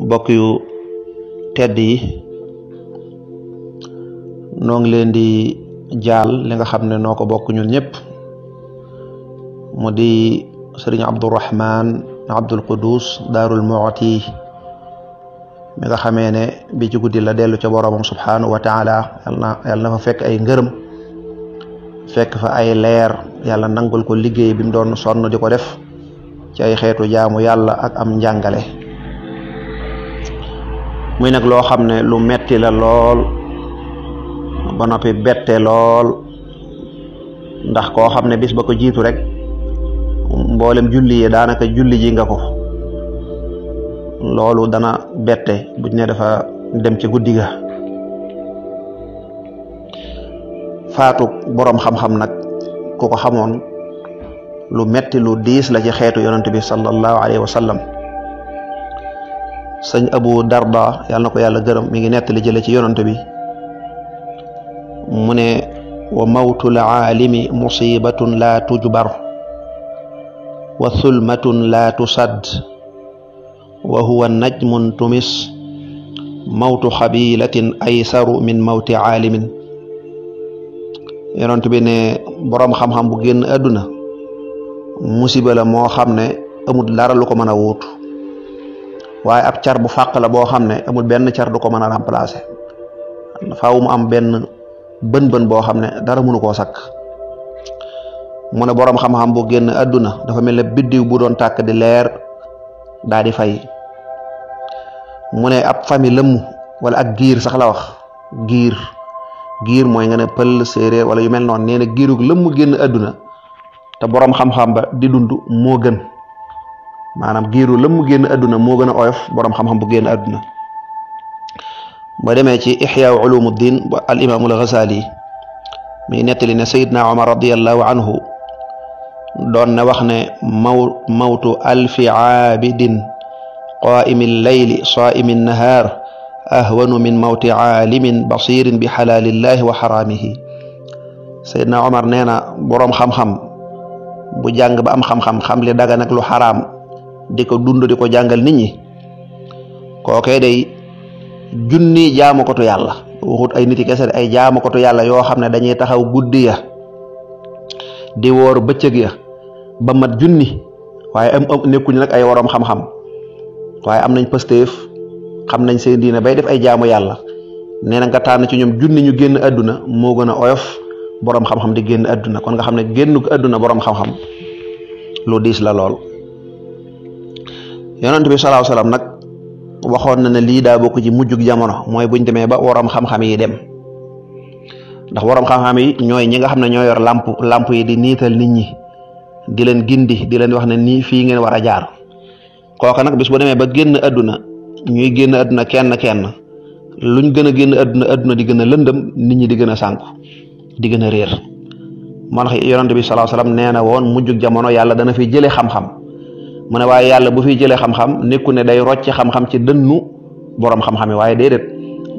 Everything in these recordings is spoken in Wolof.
mbokk yu tedd yi noo ngi leen di jaal li nga xam ne noo ko bokk ñun ñëpp moo di sëriñ Abdurahman Abdul Qudus Daarul Mu'ti mi nga xamee ne bi ci guddi la dellu ca boroomam subhanahu wa taala yàlla fa fekk ay ngërëm fekk fa ay leer yàlla nangul ko liggéey bi mu doon sonn di ko def ci ay xeetu jaamu yàlla ak am njàngale muy nag loo xam ne lu metti la lool ba noppi bette lool ndax koo xam ne bis ba ko jiitu rek mboolem julli yi daanaka julli ji nga ko loolu dana bette buñ ne dafa dem ci guddi ga faatu boroom xam-xam nag ku ko xamoon lu metti lu diis la ci xeetu yonent bi sallallahu alayhi wa sallam sëñ abu darda yàlla na ko yàlla gërëm mi ngi nettali jële ci yonante bi mu ne wa mawtul aalimi musibatun la tujbar wa thulmatun la tusadd wa huwa najmun tumis mawtu xabilatin aysaru min mawti aalimin yonent bi ne boroom xam-xam bu génn àdduna musiba la moo xam ne amul dara lu ko mën a wuutu waaye ab car bu fàq la boo xam ne amul benn car du ko mën a remplacer faaw mu am benn bën-bën boo xam ne dara mënu koo sakk mu boroom xam-xam bu génn àdduna dafa mel ne biddiw bu doon tàkk di leer daa di fay mu ne ab famille lëmm wala ak giir sax la wax giir giir mooy nga ne pël séeréer wala yu mel noonu nee na giirug lëmm génn àdduna te boroom xam-xam ba di dund moo gën maanaam giiru lam mu génn adduna moo gën a oyof borom xam-xam bu génn adduna boo demee ci mi nettali ne sayidna Omar radiallahu anhu doon na wax ne maw mawtu alfi aabidin qaa'imi leyli saa'imi nahaar min mawti aalimin basirin bi xalaalillahi wa xaraamihi sayidna Omar nee na boroom xam-xam bu jàng ba am xam-xam li dagan ak lu di ko dund di ko jàngal nit ñi kookee day junni jaamukatu yàlla waxut ay niti yi kese ay jaamukatu yàlla yoo xam ne dañuy taxaw guddi ya di woor bëccëg ya ba mat junni waaye am am nekkuñu nag ay waroom xam-xam waaye am nañ pëstéef xam nañ seen diine bay def ay jaamu yàlla nee na nga tànn ci ñoom junni ñu génn àdduna moo gën a oyof boroom xam-xam di génn àdduna kon nga xam ne génn àdduna boroom xam-xam lu diis la lool yonent bi salaahu salaam nag waxoon na ne lii daa bokk ci mujjug jamono mooy buñ demee ba waroom xam-xam yi dem ndax waroom xam-xam yi ñooy ñi nga xam ne ñoo yor làmp làmp yi di niital nit ñi di leen gindi di leen wax na nii fii ngeen war a jaar kooka nag bis bu demee ba génn àdduna ñuy génn àdduna kenn kenn luñ gën a génn àdduna àdduna di gën a lëndëm nit ñi di gën a sànku di gën a réer moo tax yonent bi salaahu salaam nee na woon mujjug jamono yàlla dana fi jëlee xam mu ne waaye yàlla bu fi jëlee xam-xam nekku ne day rocce xam-xam ci dënnu borom xam-xam yi waaye déedéet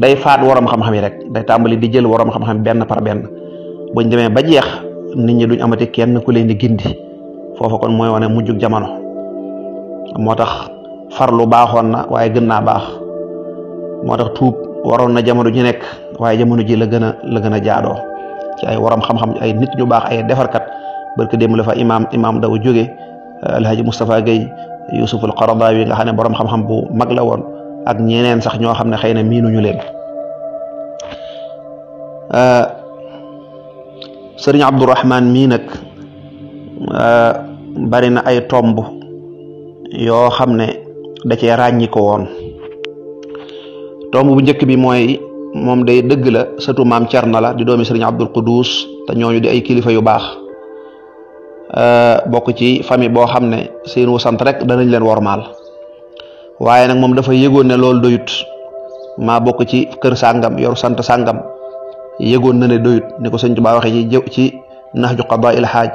day faat worom yi rek day tàmbali di jël worom xam-xam benn par benn buñ demee ba jeex nit ñi duñ amati kenn ku leen di gindi foofu kon mooy wane mujjug jamono moo tax farlu baaxoon na waaye gën baax moo tax tuub waroon na jamono ji nekk waaye jamono ji la gën a la gën a jaadoo ci ay worom xam ay nit ñu baax ay defarkat barke démb la fa imaam imaam daw jóge alhaji Moustapha Gueye Youssouf al Qaradawi nga xam ne borom xam-xam bu mag la woon ak ñeneen sax ñoo xam ne xëy na miinuñu leen euh, sëriñ Abdourahman mii nag euh, bari na ay tomb yoo xam ne da cee ràññi ko woon tomb bu njëkk bi mooy moom day dëgg la sëtu maam na la di doomi sëriñ Abdul Quddus te ñooñu di ay kilifa yu baax Euh, bokk ci famille boo xam ne seen wu sant rek danañ leen wormaal waaye nag moom dafa yëgoon ne loolu doyut maa bokk ci kër sàngam yor sant sàngam yëgoon na ne doyut ni ko sëñ Tuubaa waxee ci jë ci nax ju qadaa il xaaj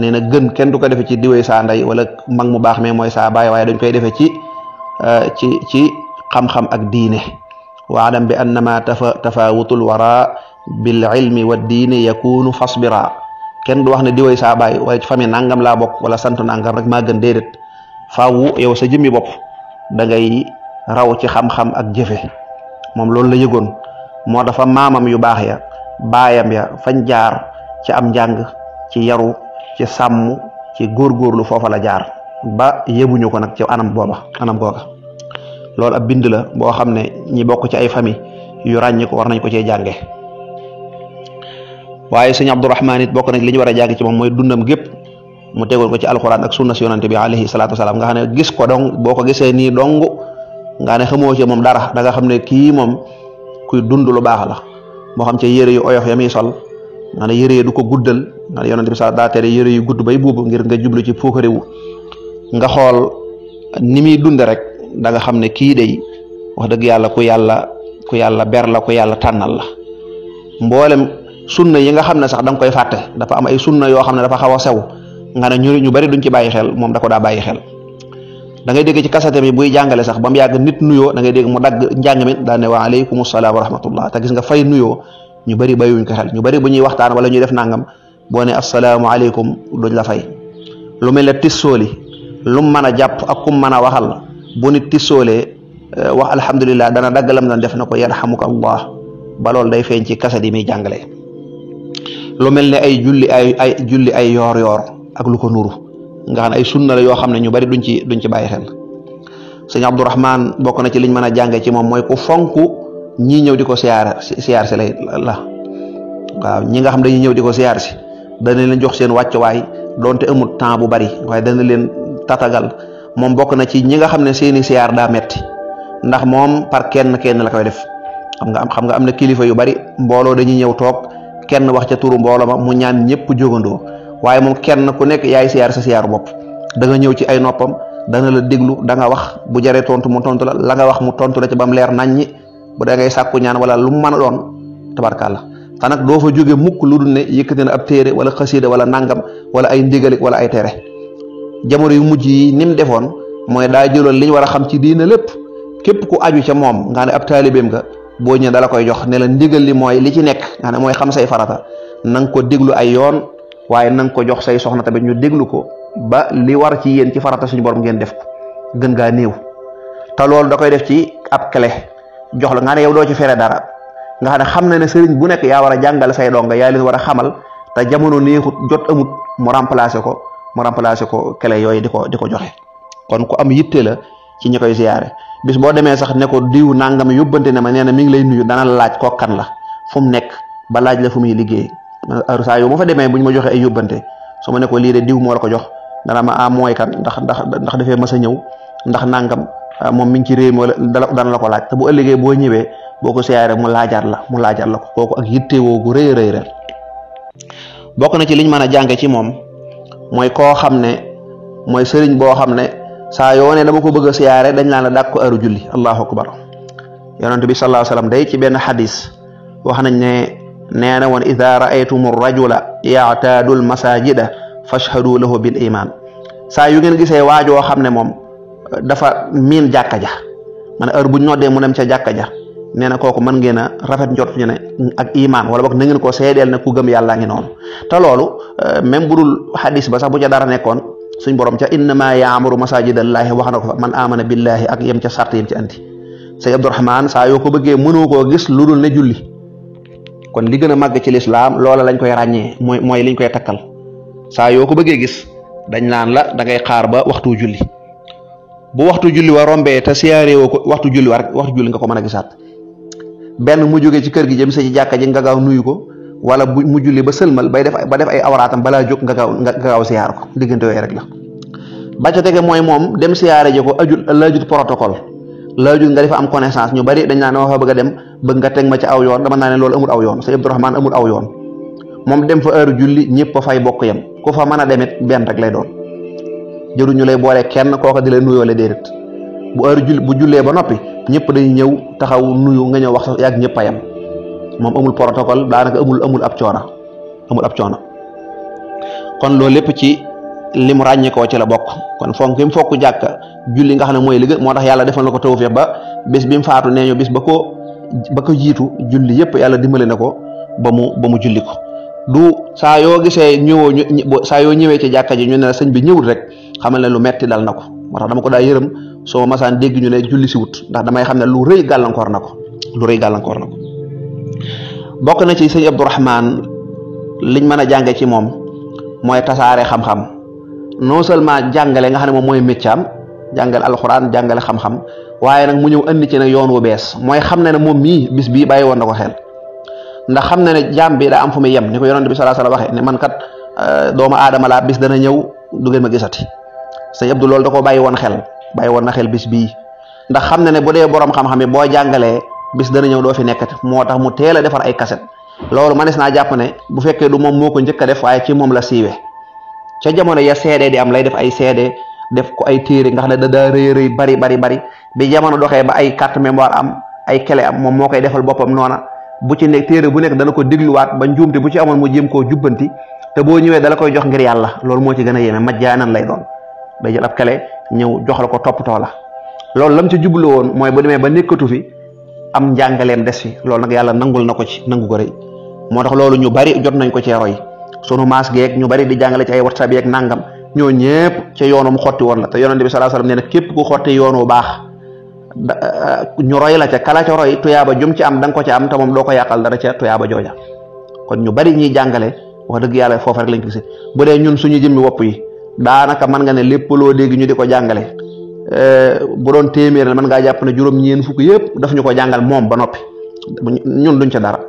nee na gën kenn du ko defee ci diwee saanday wala mag mu baax mais mooy saa baay waaye dañ koy defee ci euh, ci ci xam-xam ak diine waalam bi annama tafa tafawutul wara bil ilmi wa diine yakunu fasbira kenn du wax ne di woy saa baay waaye ci famille nangam laa bokk wala sant nangam rek maa gën déedéet faaw yow sa jëmmi bopp dangay raw ci xam-xam ak jëfe moom loolu la yëgoon moo dafa maamam yu baax ya baayam ya fañ jaar ci am njàng ci yaru ci sàmm ci góorgóorlu foofa la jaar ba yëbuñu ko nag ci anam booba anam googa loolu ab bind la boo xam ne ñi bokk ci ay famille yu ràññi ko war nañ ko cee jànge waaye sëñ abdourahman it bokk na li ñu war a jàng ci moom mooy dundam gépp mu tegoon ko ci alquran ak sunna si yonante bi alayhi salatu wasalam nga xam gis ko dong boo ko gisee nii dong nga ne xamoo ci moom dara da nga xam ne kii moom kuy dund lu baax la moo xam ci yére yu oyof ya muy sol nga ne yére yi du ko guddal nga ne yonante bi sa daa tere yére yu gudd bay buubu ngir nga jublu ci puukarewu nga xool ni muy dund rek da nga xam ne kii wax dëgg yàlla ku yàlla ku yàlla ber la ku yàlla tànnal la mboolem sunna yi nga xam ne sax da nga koy fàtte dafa am ay sunna yoo xam ne dafa xaw a sew nga ne ñu ñu bari duñ ci bàyyi xel moom dako daa bàyyi xel da ngay dégg ci kasate bi buy jàngale sax ba mu yàgg nit nuyoo da ngay dégg mu dagg njàng mi daal ne wa aleykum te gis nga fay nuyoo ñu bari bayuñ ko xel ñu bari ba ñuy waxtaan wala ñu def nangam boo ne asalaamaaleykum duñ la fay lu mel ne tissooli lu mu mën a jàpp ak kum mën a waxal bu nit tissoolee eh, wax alhamdulillah dana daggalam na def na ko yarhamuka allah ba loolu day feeñ ci kasa di muy jàngale lu mel ne ay julli ay ay julli ay yoor-yoor ak lu ko nuru nga xam ne ay sunna la yoo xam ne ñu bari duñ ci duñ ci bàyyi xel sëñ Abdourahman bokk na ci liñ mën a jàngee ci moom mooy ku fonk ñii ñëw di ko siyaar siyaar si lay la waaw ñi nga xam dañuy ñëw di ko siyaar si dana leen jox seen wàccuwaay donte amul temps bu bari waaye dana leen tatagal moom bokk na ci ñi nga xam ne seeni siyaar daa metti ndax moom par kenn kenn la koy def xam nga am xam nga am na kilifa yu bari mbooloo dañuy ñëw toog kenn wax ca turu mbolam mu ñaan ñepp jogando waye mom kenn ku nek yaay siar sa siar bop da nga ñew ci ay da na la deglu da nga wax bu jare tontu mu tontu la la nga wax mu tontu la ci bam leer nañ ñi bu da ngay sakku ñaan wala lu mu doon tabarkàlla te fa joge mukk lu dul ne yëkkati na ab téré wala xasiida wala nangam wala ay ndigali wala ay téré jamoro yu mujj yi nim mu defoon mooy daa jëloon li xam ci diina lepp képp ku aju ca mom nga ne ab talibem nga boo ñëwee dala koy jox ne la ndigal li mooy li ci nekk nga xam ne mooy say farata na nga ko déglu ay yoon waaye na nga ko jox say soxna tamit ñu déglu ko ba li war ci yéen ci farata suñu borom ngeen def ko gën gaa néew te loolu da koy def ci ab clé jox la nga ne yow doo ci fere dara nga xam ne xam na ne sëriñ bu nekk yaa war a jàngal say donga yaa leen war a xamal te jamono neexut jot amut mu remplacer ko mu remplacer ko kele yooyu di ko di ko joxe kon ku am yitte ci ñi koy ziyaare bis boo demee sax nekkoo ko diw nangam yóbbante ne ma nee na mi ngi lay nuyu dana laaj koo kan la fu mu nekk ba laaj la fu muy liggéey saa yow ma fa demee bu ñu ma joxee ay yóbbante su ma ne ko lii de la ko jox dana ma ah mooy kan ndax ndax ndax dafee mas a ñëw ndax nangam ah, moom mi ci réew mi wala dana la ko laaj bu ëllëgee boo ñëwee boo ko mu laajaat la mu laajaat la ko kooku ak yittewoo gu rëy rëy rëy bokk na ci moom mooy ne mooy sëriñ boo xam ne sa yoo ne dama ko bëgg a dañ la dàq julli allahu akbar yonente bi sallallahu alayhi wasallam day ci ben hadith wax nañ ne nee won woon ida raaytum rajula yaataadu almasajida fashhadu lahu bil iman sa yu ngeen gisee waajo xam mom dafa min jakka ja man heure bu ñoddee mu dem ci jakka ja nee koku man rafet ñot ñu ne ak iman wala bok na ngeen ko sédel na ku gëm yalla ngi non ta lolu euh, même hadith ba sax bu dara nekkon suñ borom ca innama yaamuru masajidallahi wahana na man amana billahi ak yam ca sart yam ca andi sëñ abdurrahman sa yo ko beugé mëno ko gis lulul na julli kon li gëna mag ci l'islam loolu lañ koy ragné moy moy liñ koy takkal sa yo ko beugé gis dañ nan la da ngay xaar ba waxtu julli bu waxtu julli wa rombé ta Juli wo waxtu julli wa waxtu julli nga ko mëna gisat ben mu joggé ci kër gi jëm sa ci ji nga gaaw nuyu ko wala mu julli ba selmal bay def ba def ay awratam bala jog nga gaaw nga gaaw ko diggante yoy rek la ba ca tege moy mom dem siyaare jiko ajul la laajut protocole laajut nga defa am connaissance ñu bari dañ na wax bëgg dem bëgg nga tek ma ci aw yoon dama na né lool amul aw yoon sëñ Abdourahmane amul aw yoon mom dem fa heure julli ñepp fay bokk yam ku fa mëna demet ben rek lay doon jëru ñu lay bolé kenn koko di la nuyoole bu heure julli bu jullee ba nopi ñepp dañ ñëw taxaw nuyu nga ñëw wax yak ñepp ayam moom amul protocole daanaka amul amul ab coona amul ab coona kon loolu lépp ci li mu ràññeekoo ci la bokk kon fonk ki mu fokk jàkka julli nga xam ne mooy li moo tax yàlla defal ko tawfeex ba bés bi mu faatu nee ñu bés ba ko ba jiitu julli yëpp yàlla dimbale na ko ba mu ba mu julli ko du saa yoo gisee ñëwoo ñu saa yoo ñëwee ci jàkka ji ñu ne la bi ñëwul rek xamal ne lu metti daal na ko moo tax dama ko daal yërëm soo masaan dégg ñu ne julli si wut ndax damay xam ne lu rëy gàllankoor na ko lu rëy gàllankoor na ko bokk na ci sëñ Abdourahman liñ mën a jànge ci moom mooy tasaare xam-xam non seulement jàngale nga xam ne moom mooy méccaam jàngale alxuraan jàngale xam-xam waaye nag mu ñëw andi ci nag yoon wu bees mooy xam ne ne moom mii bis bii bàyyi woon na ko xel ndax xam ne ne jaam bi daa am fu muy yem ni ko yonent bi sallallahu alayhi wasallam waxee ne man kat euh, doomu aadama laa bis dana ñëw du ngeen ma gisati sëñ Abdou loolu da ko bàyyi woon xel bàyyi woon na xel bis bii ndax xam bis dana ñëw doo fi nekkati moo tax mu teel defar ay kaset loolu manes naa jàpp ne bu fekkee du moom moo ko njëkk a def waaye ci moom la siiwe ca jamono ya seede di am lay def ay seede def ko ay téere nga xam ne da daa rëy rëy bari bari bari bi jamono doxee ba ay carte mémoire am ay kele am moom moo koy defal boppam bu ci nekk téere bu nekk dana ko dégluwaat ba njuumte bu ci amoon mu jéem koo jubbanti te boo ñëwee dala koy jox ngir yàlla loolu moo ci gën a yéeme majjaanan lay doon day jël ab kele ñëw jox la ko toppatoo la loolu lam ci jublu woon mooy bu demee ba nekkatu fi am jangaleem des fi loolu nag yàlla nangul na ko ci nangu ko rëy moo tax loolu ñu bari jot nañ ko ci roy sunu maas geeg ñu bari di jàngale ci ay whatsapp yeeg nangam ñoo ñëpp ci yoonu mu xotti woon la te yonente bi salaa salaam nee na képp ku xotti yoonu baax euh, ñu roy la ca kala ca roy tuyaaba jum ci am dang ko ci am te moom doo ko yàqal dara ca tuyaaba jooja kon ñu bari ñi jàngale wax dëgg yàlla foofa rek lañ ko gisee bu dee ñun suñu jëmmi wopp yi daanaka man nga ne lépp loo dégg ñu di ko Eh, bu doon téeméer la mën ngaa jàpp na juróom-ñeen fukk yëpp daf ñu ko jàngal moom ba noppi ñun duñ ca dara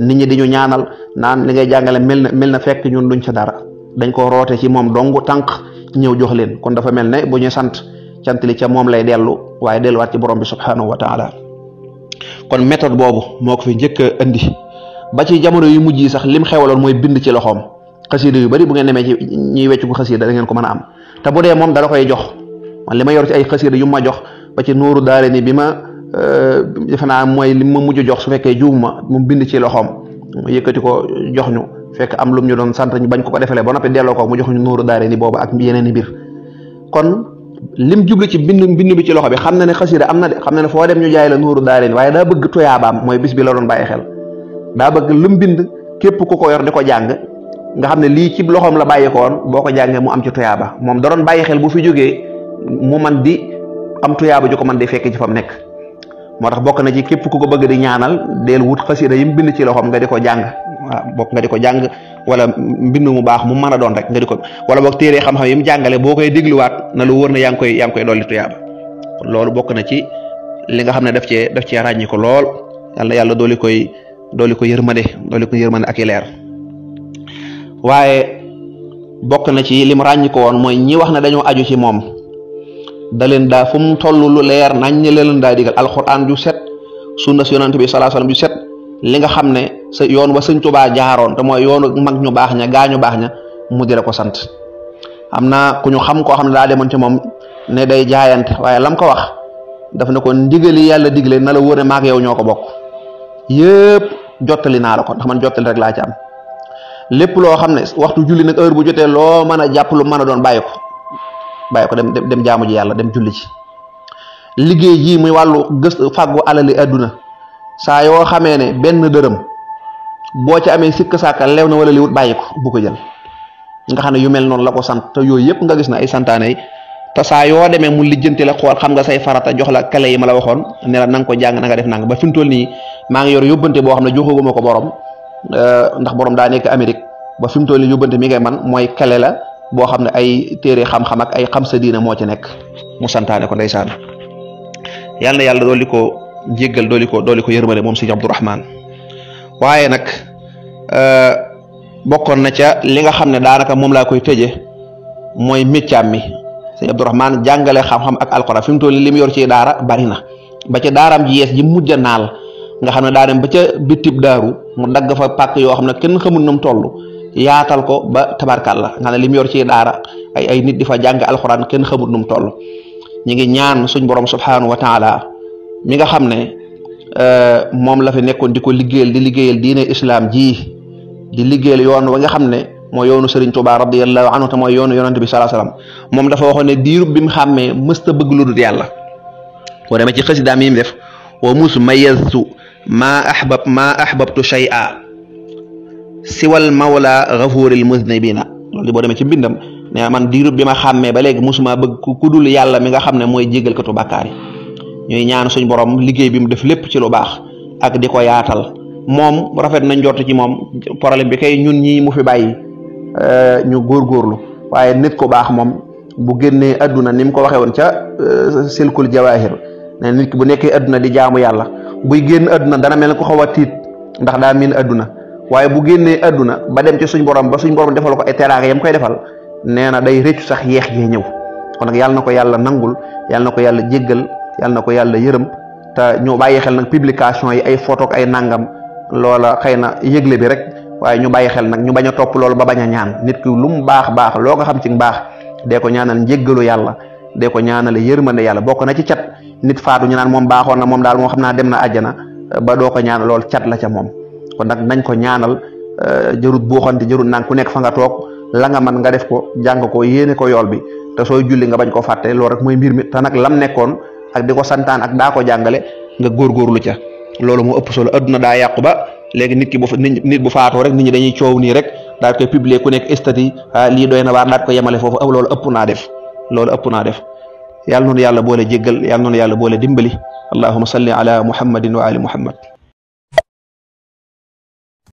nit ñi di ñu ñaanal naan li ngay jàngale mel na mel na fekk ñun duñ ca dara dañ ko roote ci moom dong tànk ñëw jox leen kon dafa mel ne bu ñu sant cant li ca moom lay dellu waaye delluwaat ci borom bi subhanahu wa taala kon méthode boobu moo ko fi njëkk a indi ba ci jamono yu mujj yi sax lim xewaloon mooy bind ci loxoom xasida yu bari bu ngeen demee ci ñuy wecc ko xasida da ngeen ko mën a am man li ma yor ay xasida yu ma jox ba ci nuuru bi ma euh, defe naa mooy li ma mujj jox su fekkee juum ma mu bind ci loxoom mu yëkkati ko jox ñu fekk am lu ñu doon sant ñu bañ ko ko defalee ba noppi delloo ko mu jox ñu nuuru daare ni boobu ak yeneen i mbir kon lim jublu ci bind bind bi ci loxo bi xam na ne xasida am na de xam na ne foo dem ñu jaay la nuuru daare ni waaye daa bëgg tuyaabaam mooy bis bi la doon bàyyi xel daa bëgg lim bind képp ku ko yor di ko jàng nga xam ne lii ci loxoom la bàyyi ko boo ko jàngee mu am ci tuyaaba moom da doon bàyyi xel bu fi jógee mu man di am tuyaaba ju ko man di fekk ci fa mu nekk moo tax bokk na ci képp ku ko bëgg di ñaanal del wut xasida yi mu bind ci loxoom nga di ko jàng waaw bokk nga di ko jàng wala mbind mu baax mu mën a doon rek nga di ko wala boog téere xam-xam yi mu jàngale boo koy dégluwaat na lu wóor na yaa ngi koy yaa ngi koy loolu bokk na ci li nga xam ne daf cee daf cee ràññi ko lool yàlla yàlla dooli koy dooli ko yërmande dooli ko yërmande ak i leer waaye bokk na ci lim ràññi ko woon mooy ñi wax ne dañoo aju ci moom da leen daa fu mu toll lu leer nañ la leen daa digal alxuraan ju set sunna si yonante bi salaa salaam ju set li nga xam ne sa yoon wa sëñ Tuubaa jaaroon te mooy yoonu mag ñu baax ña gaa ñu baax ña mu di ko sant am na ku ñu xam koo xam ne daa demoon ci moom ne day jaayante waaye lam ko wax daf ne ko ndigali yàlla digle na la wóor ne maak yow ñoo ko bokk yëpp jottali naa la ko ndax man jottali rek laa ci am lépp loo xam ne waxtu julli nag heure bu jotee loo mën a jàpp lu mën a doon bàyyi ko bàyyi ko dem dem jaamu ji yàlla dem julli ci liggéey jii muy wàllu gëstu fàggu alali adduna saa yoo xamee ne benn dërëm boo ci amee sikk sàkka lew na wala liwut bàyyi ko bu ko jël nga xam ne yu mel noonu la ko sant te yooyu yëpp nga gis na ay santaane ta te saa yoo demee mu lijjanti la xool xam nga say farata jox la kale yi ma la waxoon ne la na nga ko jàng na nga def nang ba fi mu toll nii maa ngi yor yóbbante boo xam ne joxaguma ko borom eh, ndax borom daa nekk Amérique ba fi mooy kale la boo xam ne ay téere xam-xam ak ay xam sa diina moo ci nekk mu santaane ko ndeysaan yal na yàlla dooli ko jéggal dooli ko dooli ko yërmale moom sëñ Abdourahman waaye nag euh, bokkoon na ca li nga xam ne daanaka moom laa koy tëje mooy méccaam mi sëñ Abdourahman jàngale xam-xam ak alxuraan fi mu toll li mu yor ci daara bari na ba ca daaraam ji yees ji mujj a naal nga xam ne daa dem ba ca bitib daaru mu dagg fa pàkk yoo xam ne kenn xamul na mu toll yaatal ko ba tabarkàlla nga ne lim yor ci daara ay nit di fa jàng alxuraan kenn xamut nu mu toll ñu ngi ñaan suñ borom subhanahu wa taala mi nga xam ne euh, moom la fi nekkoon di ko liggéeyal di liggéeyal diine islam ji di liggéeyal yoon wa nga xam ne moo yoonu Serigne Touba radiyallahu anhu te mooy yoonu yonante bi salaa moom dafa waxoon ne diirub bi mu xàmmee mësta bëgg lu dul yàlla boo demee ci xësidaam yi mu def wa mus mayaztu maa ahbab maa ahbabtu shay'a siwal mawla na muznibina loolu di boo demee ci mbindam ne man diirub bi ma xàmmee ba léegi musuma bëgg ku dul yàlla mi nga xam ne mooy jégalkatu bàkkaar yi ñuy ñaan suñ borom liggéey bi mu def lépp ci lu baax ak di ko yaatal moom rafet na njort ci moom problème bi kay ñun ñii mu fi bàyyi euh, ñu góor góorlu waaye nit ku baax moom bu génnee adduna ni mu ko waxee woon ca euh, silkul jawahir ne nit ki bu nekkee adduna di jaamu yàlla buy génn adduna dana mel ne ko xaw a tiit ndax daal miin adduna waye bu génné aduna ba dem ci suñ borom ba suñ borom defal ko ay teraanga yam koy defal néna day rëccu sax yéx yee ñëw kon nak yalla na yalla nangul yalla na yalla jéggal yalla na yalla yërem ta ñu bayyi xel nak publication yi ay photo ak ay nangam loola xeyna na bi rek waye ñu bayyi xel nak ñu baña top ba baña ñaan nit ki lu mu baax baax lo nga xam ci baax dee ko ñaanal njéggalu yalla dee ko ñaanal yërmande yalla bokk na ci chat nit faadu ñu naan mom baaxoon na mom daal mo xamna dem na aljana ba do ko ñaan lool chat la ca mom kon nag nañ ko ñaanal euh, jërut buuxante jërut naan ku nekk fa nga toog la nga man nga def ko jàng ko yéene ko yool bi te sooy julli nga bañ ko fàtte loolu rek mooy mbir mi ta nag lam nekkoon ak di ko santaan ak daa ko jàngale nga góorgóorlu ca loolu moo ëpp solo adduna daa yàqu ba léegi nit ki bu nit bu faatoo rek nit ñi dañuy coow nii rek daal koy publier ku nekk statut ah, lii doy na waar daal ko yemale foofu loolu ëpp naa def loolu ëpp naa def yàlla noonu yàlla boole jéggal yàlla noonu yàlla boole dimbali allahuma salli ala muhammadin wa ali muhammad